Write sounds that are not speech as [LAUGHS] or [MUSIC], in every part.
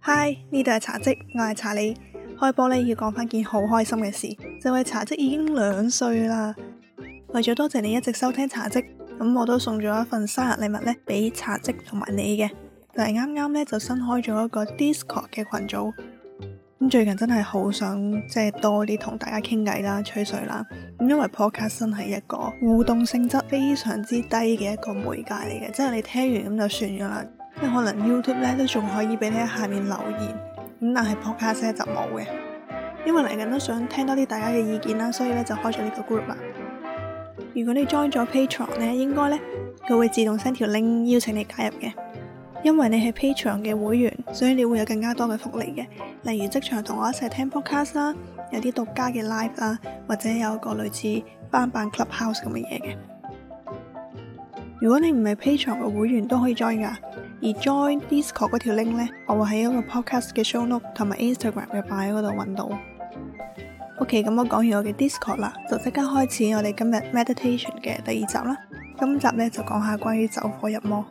嗨，呢度係茶嘖，我係查理。開波呢，要講返件好開心嘅事，就係茶嘖已經兩歲啦。為咗多謝你一直收聽茶嘖，咁我都送咗一份生日禮物呢，俾茶嘖同埋你嘅。但係啱啱呢，就新開咗一個 Discord 嘅群組。最近真係好想多啲同大家傾偈啦、吹水啦。因為 Podcast 真係一個互動性質非常之低嘅一個媒介嚟嘅，即係你聽完咁就算噶啦。即可能 YouTube 咧都仲可以俾你喺下面留言，但係 Podcast 就冇嘅。因為嚟緊都想聽多啲大家嘅意見啦，所以咧就開咗呢個 group 啦。如果你 join 咗 Patreon 呢，應該呢，佢會自動 send 條 link 邀請你加入嘅。因為你係 Patreon 嘅會員，所以你會有更加多嘅福利嘅，例如即場同我一齊聽 podcast 啦，有啲獨家嘅 live 啦，或者有個類似翻版 Clubhouse 咁嘅嘢嘅。如果你唔係 Patreon 嘅會員都可以 join 噶，而 join Discord 嗰條 link 咧，我會喺一個 podcast 嘅 show note 同埋 Instagram 入邊嗰度搵到。OK，咁我講完我嘅 Discord 啦，就即刻開始我哋今日 meditation 嘅第二集啦。今集咧就講下關於走火入魔。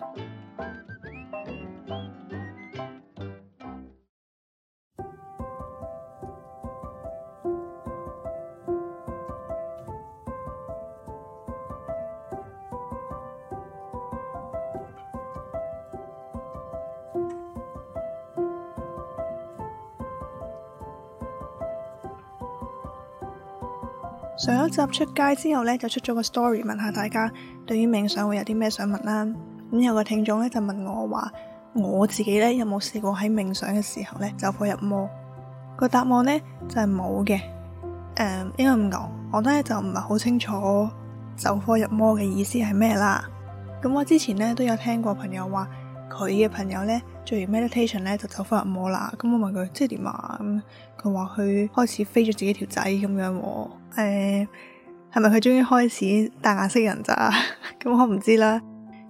上一集出街之後咧，就出咗個 story，問下大家對於冥想會有啲咩想問啦。咁、嗯、有個聽眾咧就問我話，我自己咧有冇試過喺冥想嘅時候咧走火入魔？個答案呢，就係冇嘅。誒、嗯，因為我我咧就唔係好清楚走火入魔嘅意思係咩啦。咁、嗯、我之前咧都有聽過朋友話，佢嘅朋友呢，做完 meditation 呢，就走火入魔啦，咁我問佢即係點啊？咁佢話佢開始飛咗自己條仔咁樣喎、啊，誒，係咪佢終於開始戴眼識人咋？咁、 [LAUGHS] 嗯、我唔知啦，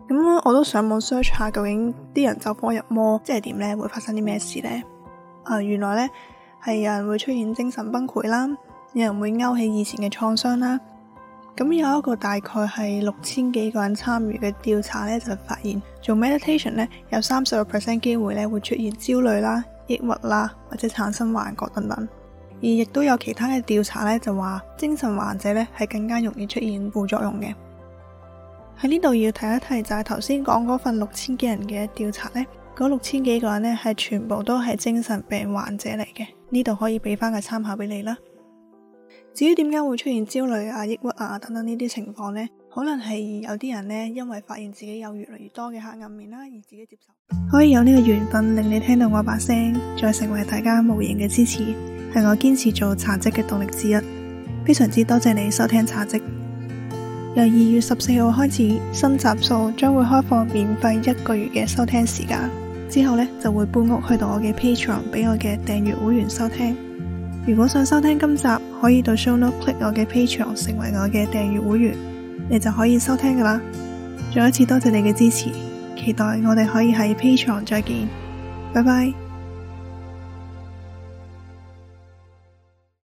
咁我都上網 search 下究竟啲人走火入魔即係點呢？會發生啲咩事呢？啊、呃，原來呢，係有人會出現精神崩潰啦，有人會勾起以前嘅創傷啦。咁有一個大概係六千幾個人參與嘅調查呢，就發現做 meditation 呢，有三十六 percent 機會呢會出現焦慮啦、抑鬱啦，或者產生幻覺等等。而亦都有其他嘅調查呢，就話精神患者呢係更加容易出現副作用嘅。喺呢度要提一提就係頭先講嗰份六千幾人嘅調查呢，嗰六千幾個人呢係全部都係精神病患者嚟嘅。呢度可以俾翻個參考俾你啦。至於點解會出現焦慮啊、抑鬱啊等等呢啲情況呢？可能係有啲人呢，因為發現自己有越嚟越多嘅黑暗面啦，而自己接受。可以有呢個緣分令你聽到我把聲，再成為大家無形嘅支持，係我堅持做茶嘖嘅動力之一。非常之多謝你收聽茶嘖。由二月十四號開始，新集數將會開放免費一個月嘅收聽時間，之後呢，就會搬屋去到我嘅 Patreon，俾我嘅訂閱會員收聽。如果想收聽今集，可以到 ShowNote click 我嘅 Patreon 成為我嘅訂閱會員，你就可以收聽噶啦。再一次多謝你嘅支持，期待我哋可以喺 Patreon 再見，拜拜。